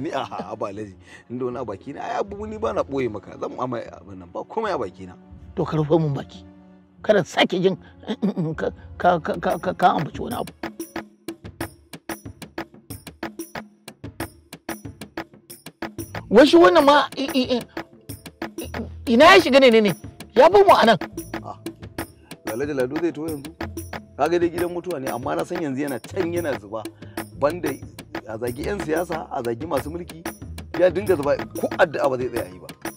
ni a a balaji inda wani a baki na ya bubu ni ba na boye maka zan amaye abin nan ba kuma ya baki na to ka rufe mun baki kada sake jin ka ka ambaci wani abu wasu wani ma ina ya shiga ne ne ne ya bu mu anan ah, lalle da lado zai to yanzu kaga dai gidan mutuwa ne amma na san yanzu yana can yana zuba banda a zagi yan siyasa a zagi masu mulki ya dinga zuba ko addu'a ba zai tsaya yi ba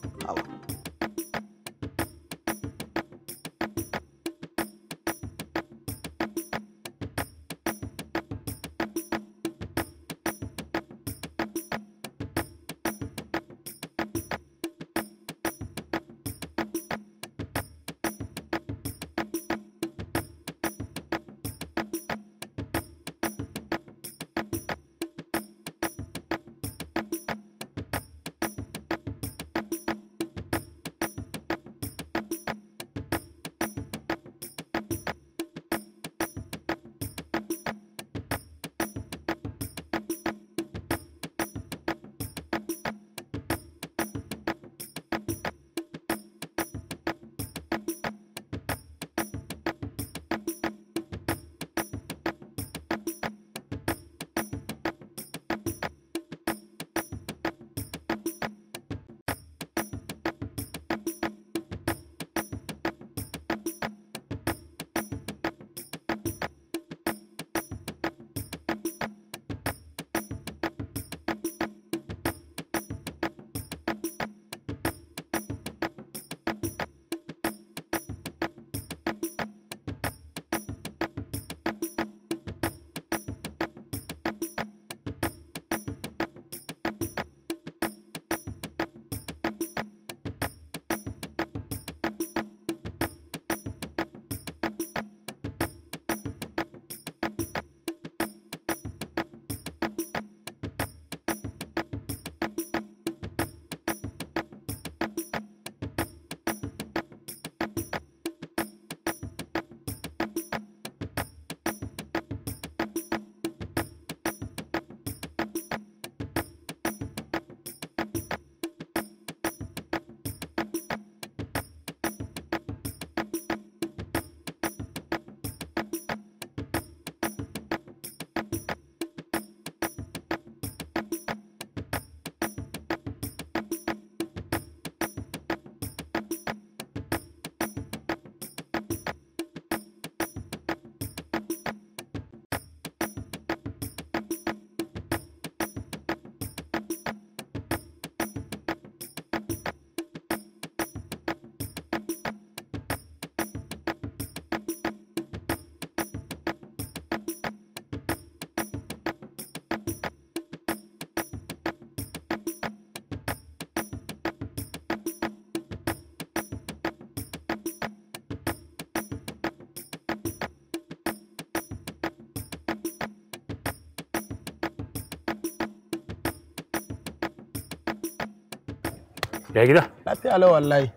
Ya gida? Lafiya lau wallahi.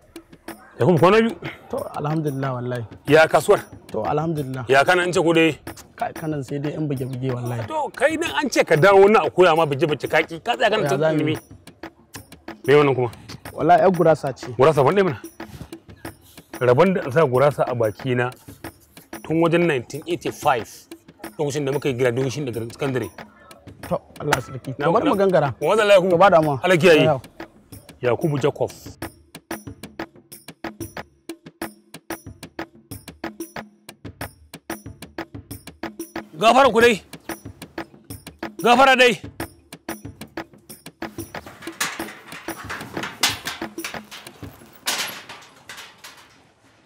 Ya kuma kwana biyu? To alhamdulillah wallahi. Ya kasuwar? To alhamdulillah. Ya kana an ce ko dai? Kai kanan sai dai in buge-buge wallahi. To kai nan an ce ka dawo na a koya ma buge-buge kaki ka tsaya kana ta ne Me wannan kuma? Wallahi yar gurasa ce. Gurasa ban mana. Rabon da sa gurasa a baki na tun wajen 1985 lokacin da muka yi graduation daga secondary. To Allah sarki. To bar mu gangara. wallahi kuma. To ba damuwa. Allah kiyaye. yakubu jacob Gafara ku dai gafara dai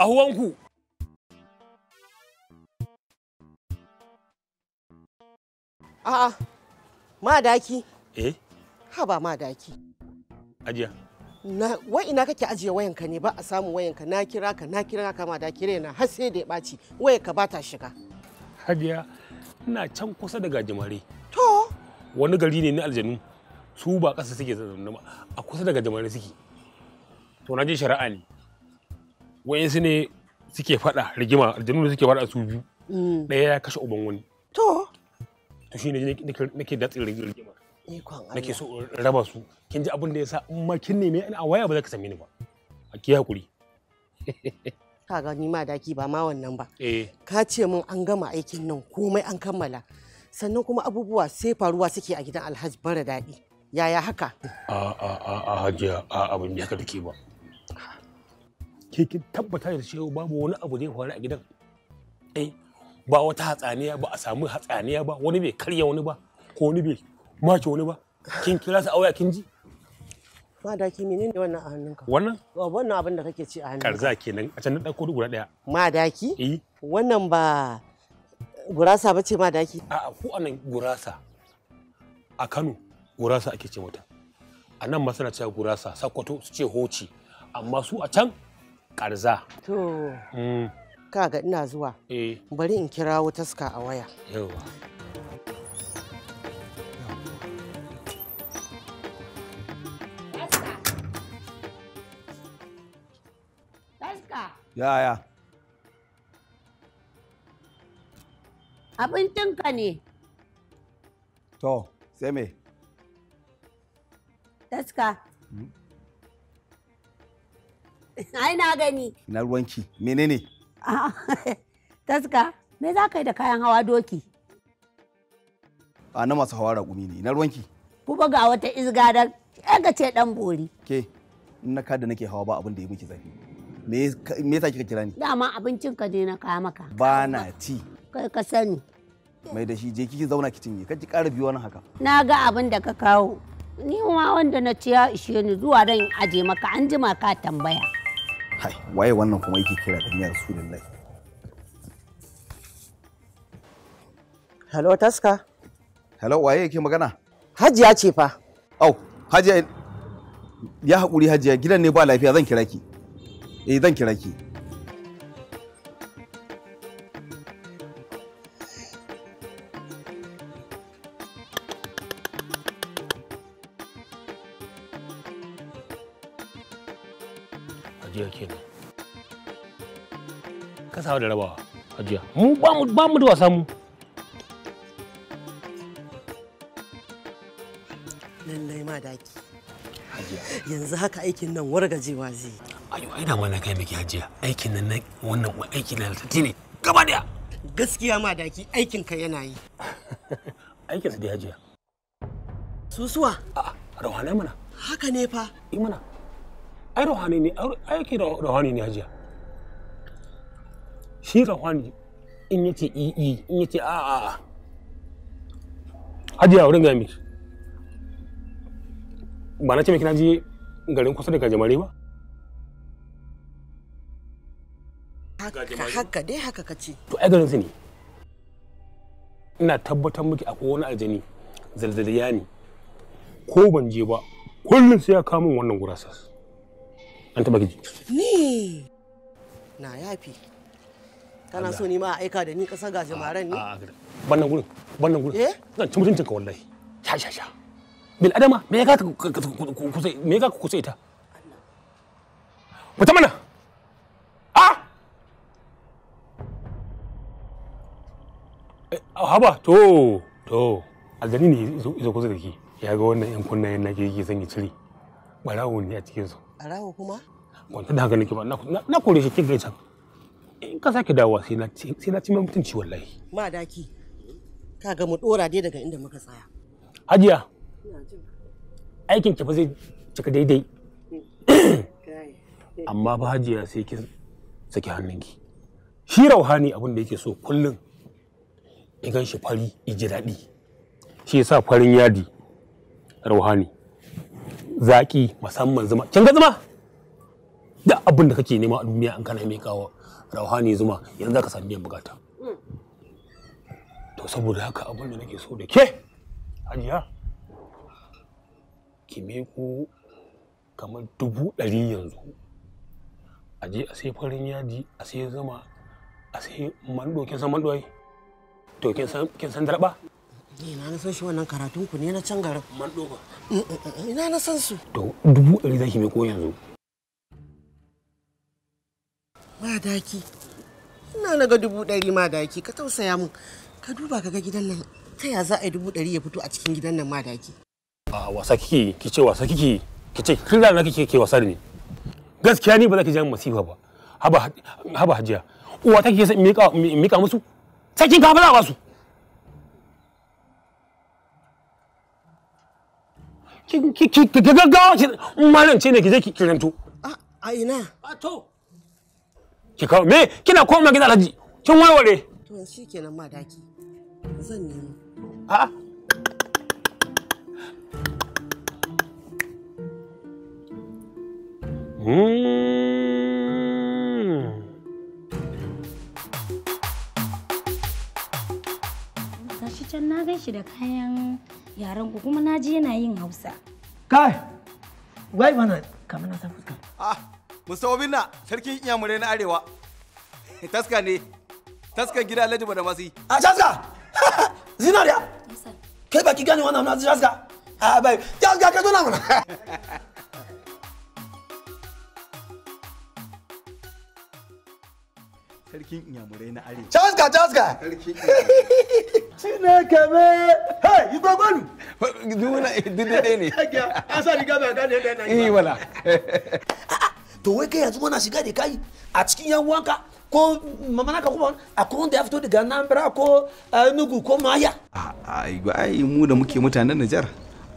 ahuwanku a'a daki eh ma daki ajiya wai ina kake ajiye wayanka ne ba a samu wayanka na kira ka na kira ka ma da kire na har sai da ya ɓaci wayanka ba ta shiga hadiya ina can kusa da gajimare to wani gari ne na aljanu su ba ƙasa suke zazzabna ba a kusa da gajimare suke to na je shari'a ne wayansu ne suke faɗa rigima aljanu ne suke faɗa su biyu mm. ɗaya ya kashe uban wani to to shine nake datsin rigima nake so raba su kin ji abin da ya sa in ma kin neme in a waya ba za ka same ni ba a ki hakuri ka ga ni ma daki ba ma wannan ba eh. ka ce min an gama aikin nan komai an kammala sannan kuma abubuwa sai faruwa suke a gidan alhaji bara daɗi yaya haka a a a a hajiya a abin da haka take ba ke kin tabbata da cewa babu wani abu da ya faru a gidan eh ba wata hatsaniya ba a samu hatsaniya ba wani bai karya wani ba ko wani bai ma wani ba kin kira su a waya kin ji madaki ne wannan a hannunka wannan oh, wannan abin da kake ci a hannunka karza kenan a can na dauko guda daya madaki eh wannan ba gurasa bace madaki a ko anan gurasa a Kano gurasa ake ce mata a nan masana cewa gurasa sakkwato su ce hoci amma su a can karza to mm. ga ina zuwa eh. bari in kirawo taska a waya yawa Yaya? Abin ka ne. To, sai me? Taska. Hmm? Ai na gani. Na ruwanki, menene? Taska, me za ka yi da kayan hawa doki? A na masu hawa raƙumi ne, na ruwanki. Kuma ga wata izgadar, ga ce ɗan bori. Ke, in na da nake hawa ba abin da ya miki zafi. me yasa kika kira ni dama abincin ka ne na kaya maka ba na ci kai ka sani mai da shi je kiki zauna ki cinye kaji ƙara biyo wani haka na ga abin da ka kawo ni ma wanda na ci ya ishe ni zuwa ran aje maka an jima ka tambaya hai waye wannan kuma yake kira da ni rasulullahi hello taska hello waye yake magana hajiya ce fa au hajiya ya haƙuri hajiya gidan ne ba lafiya zan kira ki eh zan kira ki ajiya ke ne ka samu da rabawa ajiya mu ba mu ba mu da wasa mu lallai ma daki yanzu haka aikin nan wargajewa zai ayo ai da mana kai miki hajiya aikin nan na wannan aikin na lalatatti ne gaba da gaskiya ma daki aikin ka yana yi aikin su da hajiya susuwa a rohane mana haka ne fa i mana ai rohane ne aiki rohane ne hajiya shi rohane in yace i i in yace a a a hajiya wurin gami ba na ce miki kina ji garin kusa da gajamare ba haka dai haka ka ce to ai garin ne ina tabbatar miki akwai wani aljani zalzaliya ne ko ban je ba kullum sai ya min wannan gurasas an taba gidi ni na yafi kana so ni ma a aika da ni kasar gajimaren ne bannan gurin bannan gurin zan ci mutuncin ka wallahi sha sha sha bil adama me ya ka kusa me ya ka kusa ita fita mana Oh, haba to to aljani ne izo kusa da ke ya ga wannan yan kunna yana ke yake son yi cire barawo ne a cikin su barawo kuma kwanta da hankali nake ba na kore shi kin gaisan. in ka sake dawowa sai na sai na ci mai mutunci wallahi ma daki ka ga mu dora dai daga inda muka tsaya hajiya aikin ki fa zai cika daidai amma ba hajiya sai kin saki hannunki shi rauhani abin da yake so kullum ya gan shi fari ji daɗi shi yasa farin yadi rauhani zaki musamman zuma kin ga zuma duk abin da kake nema a duniya an kana mai kawo rauhani zuma yanzu ka sami biyan bukata to saboda haka abin da nake so da ke hajiya ki meko kamar dubu ɗari yanzu a je a sai farin yadi a sai zuma a sai man saman to kin san kin san darba ina na san shi wannan karatun ku ne na can garin man doba eh, eh, eh, ina na san su to dubu ɗari zaki mai ko yanzu ma daki ina na ga dubu ɗari ma daki ka tausaya min ka duba ka ga gidan nan ta ya za a yi dubu ɗari ya fito a cikin gidan nan ma daki a wasa kike ki ce wasa kike ki ce kin rana kike ke wasa da ni gaskiya ni ba za ki ji masifa ba haba haba hajiya uwa take mika mika musu sai sakin kafa za a basu ki gaggawa ki malam ce ne ki je ki kiranto a ina a to ki kawo me kina koma gida alhaji kin warware to shi kenan ma daki zan nemi a Hmm. can na gan shi da kayan yaran ku kuma na je yana yin Hausa. Kai! Wai mana kamar na san fuska. Ah, Mustapha Binna, sarkin iyamurai na Arewa. Taska ne. taska gida Alhaji Bada Masi. A ah, taska! Zinariya! Kai baki gane wannan na Jaska? A ah, bai, Jaska ka zo na mana. sarkin inyamurai na arewa chaska chaska cina kame hey yi gwagwalu duna dudade ne an sa riga ba gane da na yi wala ah, ah, to wai kai yanzu muna shiga da kai a cikin yan wanka ko mamana ka kuma akwai wanda ya fito daga anambra ko eh, enugu ko maya ah, ai mu da muke mutanen nijar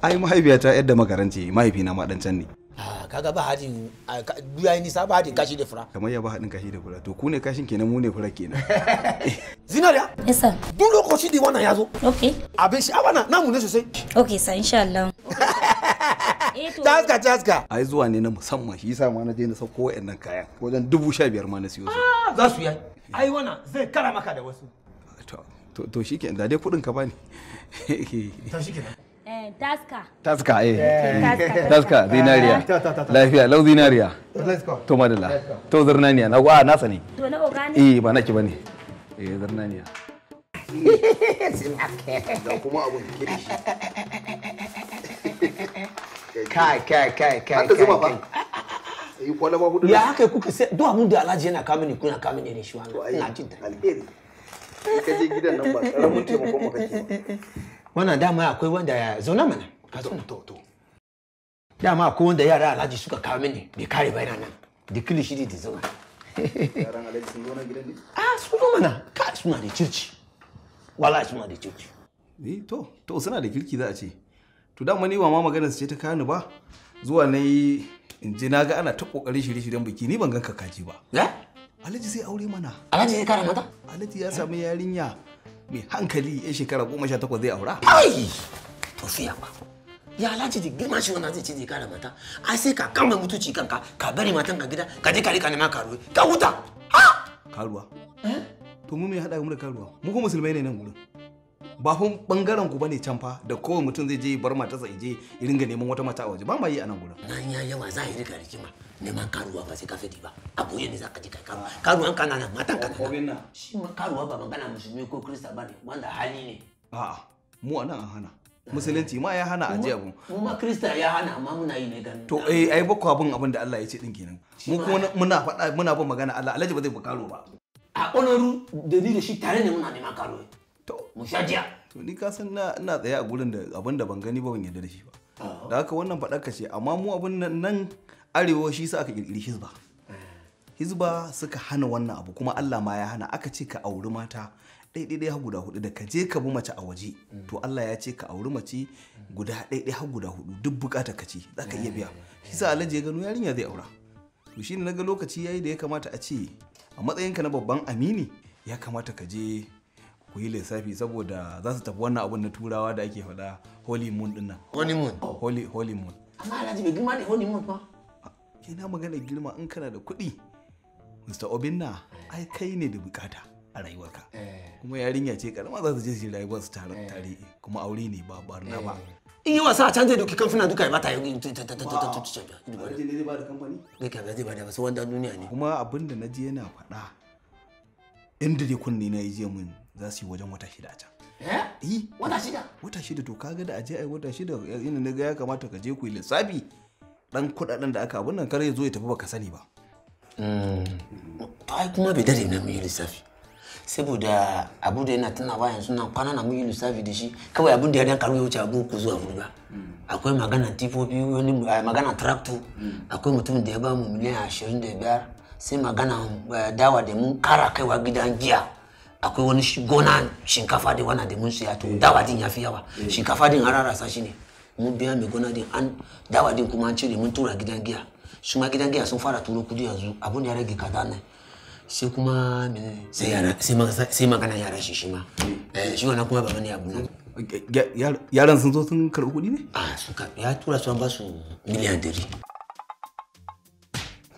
ai mahaifiyata yadda makaranci mahaifina ma dan can ne Ah, kaga ba hadin duya ah, sa ba hadin kashi da fura kamar ya ba hadin kashi da fura to ku ne kashin kenan mu ne fura kenan zinariya yes sir duk lokaci da wannan ya zo okay abin shi abana mu ne sosai okay sir insha Allah eh, Taska taska. Ai zuwa ne na musamman shi yasa ma na je na sauko wayannan kayan wajen dubu sha biyar ma na siyo su. Ah, za su yi. Ai wannan zai kara maka da wasu. To to shikenan da dai kudin ka bani. To shikenan. Eh, taska taska eh, eh. taska zinariya lafiya lau zinariya to madalla to zarnaniya na wa nasa ne to na organic eh ba naki bane eh zarnaniya da kuma abun kirki kai kai kai kai kai ya haka kuka sai da alhaji yana kamini kuna kamini ne shi jin ta alheri ka je gidan nan ba taimakon maka ke wannan dama akwai wanda zauna mana ka zauna to to dama akwai wanda yara alhaji suka kawo mini bai kare ba yana nan da kili shi da zauna yaran alhaji sun zauna gidan ne ah su zo mana ka suna da circi wala suna da circi ni to to suna da kirki za a ce to dama ni ba ma maganar su ce ta kawo ba zuwa na yi in ji na ga ana ta kokarin shirye-shiryen biki ni ban gan kakaji ba eh? alhaji sai aure mana alhaji sai kare mata alhaji ya samu yarinya mai hankali ya shekara goma sha takwas zai aura ai to fiya ba ya alhaji da girma shi wannan zai ce zai kara mata ai sai ka kama mutunci kanka ka bari matan ka gida ka je ka rika neman karuwa ka huta karuwa eh? to mu me haɗa mu da karuwa mu ko musulmai ne nan gurin ba hun bangaren ku bane can fa da kowa mutum zai je bar matarsa je ya ringa neman wata mata a waje ba ma yi a nan gurin nan ya yawa za a yi rika rikima neman karuwa ba sai ka fadi ba a boye ne za ka je kai karuwa karuwan kanana matan kanana shi ma karuwa ba magana musulmi ko kirista ba ne wanda hali ne a'a mu a nan an hana musulunci ma ya hana a abun mu ma krista ya hana amma muna yi ne ganin to eh ai bakwa bin abin da Allah ya ce din kenan mu kuma muna faɗa muna bin magana Allah alhaji ba zai bukaro ba a onoru da ni da shi tare ne muna neman karuwa to jiya to ni ka san ina tsaye a gurin da abin da ban gani ba ban yarda da shi ba da haka wannan faɗa ka ce amma mu abin nan arewa shi sa aka kirkiri hizba eh. hizba suka hana wannan abu kuma Allah ma ya hana aka ce ka auri mata ɗaiɗaiɗai har guda hudu da ka je ka bi mace a waje to mm. Allah ya ce ka auri mace guda ɗaiɗai har guda hudu duk bukata ka ce za ka iya biya eh. shi sa alhaji ya gano yarinya zai aura to shine ga lokaci yayi da ya kamata a ce a matsayinka na babban amini ya kamata ka je ku yi lissafi saboda za su tafi wannan abun na turawa da ake faɗa holy moon din nan holy moon holy holy moon amma alhaji bai girma da holy moon ba na magana girma in kana da kuɗi mr obinna ai kai ne da bukata a rayuwarka kuma yarinya ce karama za su je su rayuwar su tare tare kuma aure ne ba barna ba in yi wasa a can zai doki kamfuna duka ya bata yi ta ta ta ta ta ta ta ba da ta ta ta ta ba ta ta wanda duniya ne kuma ta na je yana faɗa ta ta kunne na yi ta mun za su yi wajen wata shida can eh? eh wata shida wata shida to kaga da aje ai wata shida ina na ga ya kamata ka je ku yi lissafi dan kudaden da aka abun nan kar ya zo ya tafi baka sani ba mm. ai kuma bai dare na mu yi lissafi saboda abu da yana tunawa yanzu nan kwana na mu yi lissafi da shi kawai abin da ya dan karu ya wuce abu ku zuwa furba. Mm. akwai magana tifofi wani eh, magana tractor mm. akwai mutum da ya ba mu miliyan ashirin da biyar sai magana eh, dawa da mun kara kaiwa gidan giya akwai wani gona shinkafa din wannan da mun siya to eh. dawa din ya fi yawa eh. shinkafa din hararasa shi ne mun biya mai gona din an dawa din kuma an cire mun tura gidan giya shi ma gidan giya sun fara turo kudi yanzu abun ya rage kada nan sai kuma sai yara sai magana yara shi shi ma eh. shi wannan kuma baba ne abu nan yaran sun zo sun karɓi kuɗi ne? a ah, suka ya tura su an ba su miliyan dari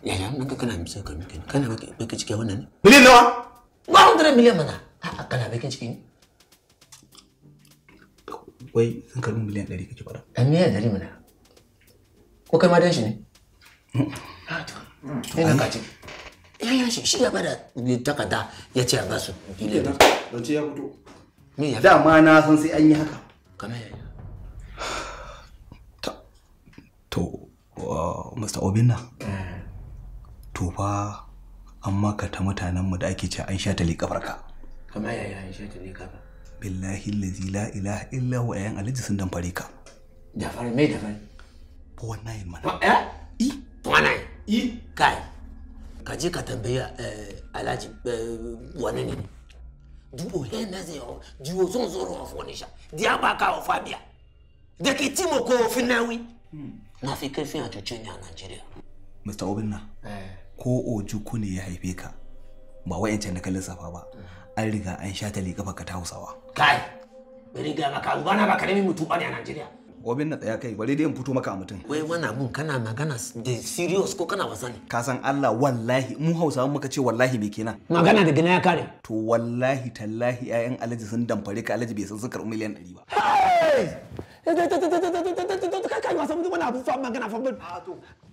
yaya nan ka kana misal kana baka cike wannan ne miliyan nawa 100 miliyan mana a kana bakin ciki ne wai sun karbi miliyan 100 kake faɗa a miliyan 100 mana ko kai ma dan shi ne ina ka ce ya shi shi ya bada ni takarda ya ce a ba su miliyan don ce ya fito me ya da ma na san sai an yi haka kamar ya to Mr. Obinna to fa amma ka ta mutanenmu da ake ce an sha ta liƙa farka kamar yaya an sha ta liƙa ba billahi lazi la ilaha illa wa ayan alhaji sun dan fare ka da fare mai da fare ko mana eh i wannan i kai ka je ka tambaya eh, alaji eh, wani ne dubo he eh, na zai yawo jiwo zon zoro fone sha. diya ba ka wa fabia da ke timo ko wi. Hmm. na fi kaifin a cuce ya a nigeria mr obinna eh ko ojuku ne ya haife ka ba wa'yancan da kallon safa ba an riga an sha ta kafa ka ta hausawa kai bari ga maka na ba nemi mutum bane a Najeriya obin na tsaya kai bari dai in fito maka a mutum wai wannan mun kana magana da serious ko kana wasa ne ka san Allah wallahi mu Hausawa muka ce wallahi me kenan magana da gina ya kare to wallahi tallahi ƴaƴan Alhaji sun damfare ka Alhaji bai san sun miliyan 100 ba kai kai wasa mutum wannan abun fa magana fa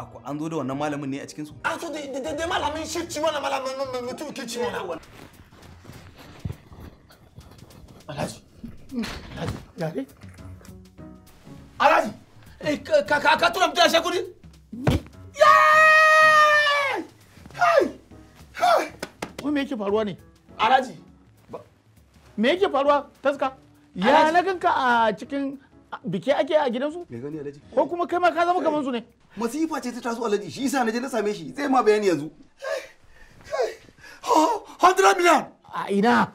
Ako an zo da wannan malamin ne a cikin su? An ah, so da malamin ci wannan malamin mutum kirci wala. Alhaji. Alhaji. Yare. Alhaji. Eh, ka ka tura mutum shi shekuri? Yay! Hai! Hai! Wai me yake faruwa ne? Alhaji. Me yake faruwa taska? Ya na ganka a cikin biki ake a gidansu? Me gani Alhaji? Ko kuma kai ma ka zama kaman su ne? masifa ce ta taso alaji shi yasa na je na same shi zai ma bayani yanzu 100 miliyan a ina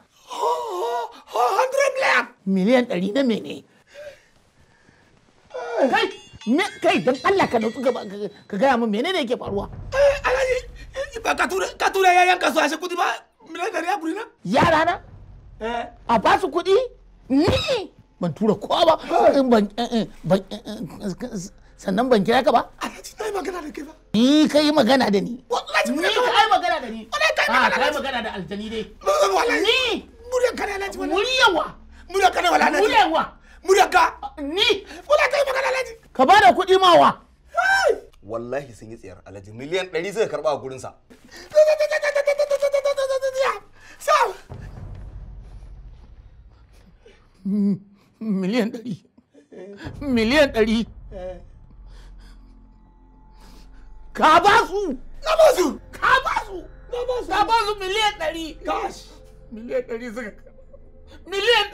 100 miliyan miliyan dari na mene kai kai dan Allah ka nutsu ka gaya min menene yake faruwa eh, alaji ba ka tura ka tura yayan ka so kudi ba miliyan 100 ya burina yara na eh. a ba su kudi ni ban tura kowa ba ban eh, sannan ban kira ka ba alhaji yi magana da ni ka yi magana da ni ni ka yi magana da ni wallahi ka yi magana da ah, aljani ni murya wa murya wa ah, ni ka yi ba da kuɗi ma wa wallahi sun yi tsayar alhaji miliyan 100 zai karɓa a gurinsa miliyan ɗari miliyan ɗari eh. ka ba su na ba su ka ba su na ba su ka ba su miliyan ɗari gosh miliyan suka miliyan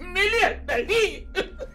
miliyan miliyan